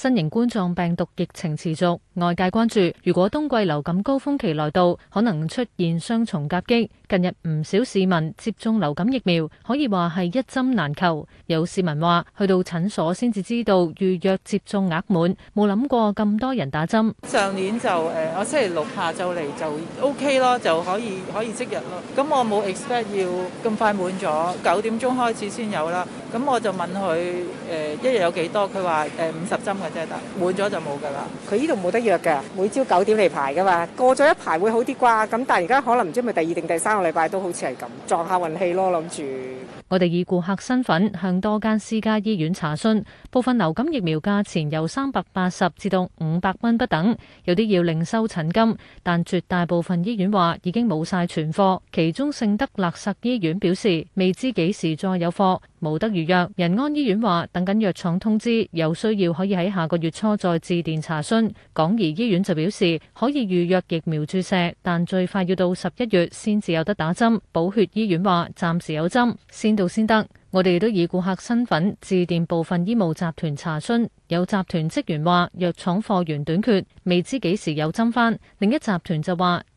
，新型冠狀病毒疫情持續，外界關注如果冬季流感高峰期來到，可能出現雙重夾擊。近日唔少市民接種流感疫苗，可以話係一針難求。有市民話去到診所先至知道預約接種額滿，冇諗過咁多人打針。上年就誒，我星期六下晝嚟就 OK 咯，就可以可以即日咯。咁我冇 expect 要咁快滿咗，九點鐘開始先有啦。咁我就問佢，佢誒一日有幾多？佢話誒五十針嘅即係滿咗就冇噶啦，佢呢度冇得約㗎，每朝九點嚟排噶嘛，過咗一排會好啲啩，咁但係而家可能唔知咪第二定第三個禮拜都好似係咁，撞下運氣咯，諗住。我哋以顧客身份向多間私家醫院查詢，部分流感疫苗價錢由三百八十至到五百蚊不等，有啲要另收診金，但絕大部分醫院話已經冇晒存貨。其中聖德肋撒醫院表示未知幾時再有貨，冇得預約。仁安醫院話等緊藥廠通知，有需要可以喺下個月初再致電查詢。港怡醫院就表示可以預約疫苗注射，但最快要到十一月先至有得打針。寶血醫院話暫時有針先。到先得，我哋都以顧客身份致電部分醫務集團查詢，有集團職員話藥廠貨源短缺，未知幾時有針翻。另一集團就話。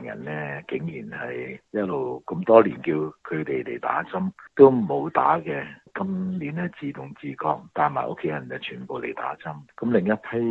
病人咧竟然係一路咁多年叫佢哋嚟打針都冇打嘅，今年咧自動自覺帶埋屋企人就全部嚟打針。咁另一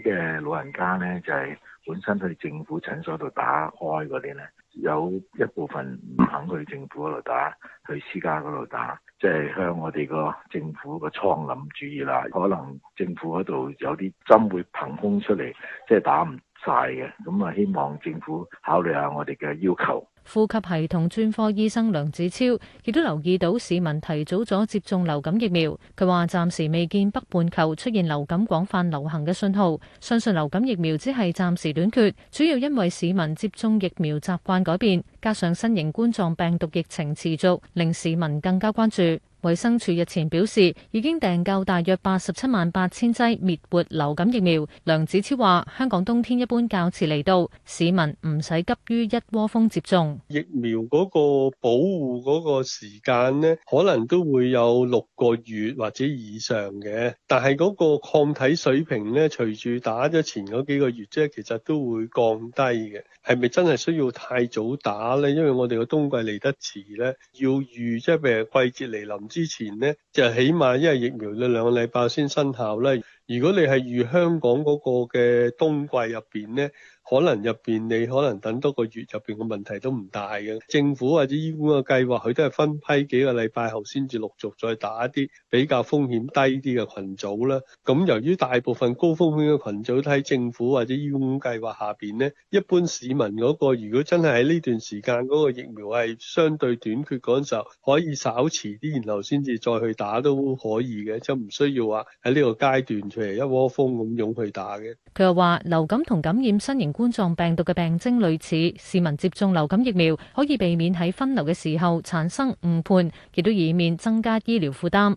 批嘅老人家咧就係、是、本身去政府診所度打開嗰啲咧，有一部分唔肯去政府嗰度打，去私家嗰度打，即、就、係、是、向我哋個政府個蒼蠅主義啦。可能政府嗰度有啲針會憑空出嚟，即、就、係、是、打唔～大嘅，咁啊希望政府考慮下我哋嘅要求。呼吸系統專科醫生梁子超亦都留意到市民提早咗接種流感疫苗。佢話：暫時未見北半球出現流感廣泛流行嘅信號，相信流感疫苗只係暫時短缺，主要因為市民接種疫苗習慣改變，加上新型冠狀病毒疫情持續，令市民更加關注。衛生署日前表示已經訂購大約八十七萬八千劑滅活流感疫苗。梁子超話：香港冬天一般較遲嚟到，市民唔使急於一窩蜂接種。疫苗嗰個保護嗰個時間咧，可能都會有六個月或者以上嘅。但係嗰個抗體水平咧，隨住打咗前嗰幾個月啫，其實都會降低嘅。係咪真係需要太早打咧？因為我哋個冬季嚟得遲咧，要預即係譬如季節嚟臨之前咧，就起碼因為疫苗要兩個禮拜先生效啦。如果你係遇香港嗰個嘅冬季入邊咧，可能入邊你可能等多個月入邊嘅問題都唔大嘅。政府或者醫管局計劃佢都係分批幾個禮拜後先至陸續再打一啲比較風險低啲嘅群組啦。咁、嗯、由於大部分高風險嘅群組都喺政府或者醫管局計劃下邊咧，一般市民嗰個如果真係喺呢段時間嗰個疫苗係相對短缺嗰陣時候，可以稍遲啲，然後先至再去打都可以嘅，就唔需要話喺呢個階段。譬如一窩蜂咁湧去打嘅，佢又話：流感同感染新型冠狀病毒嘅病徵類似，市民接種流感疫苗可以避免喺分流嘅時候產生誤判，亦都以免增加醫療負擔。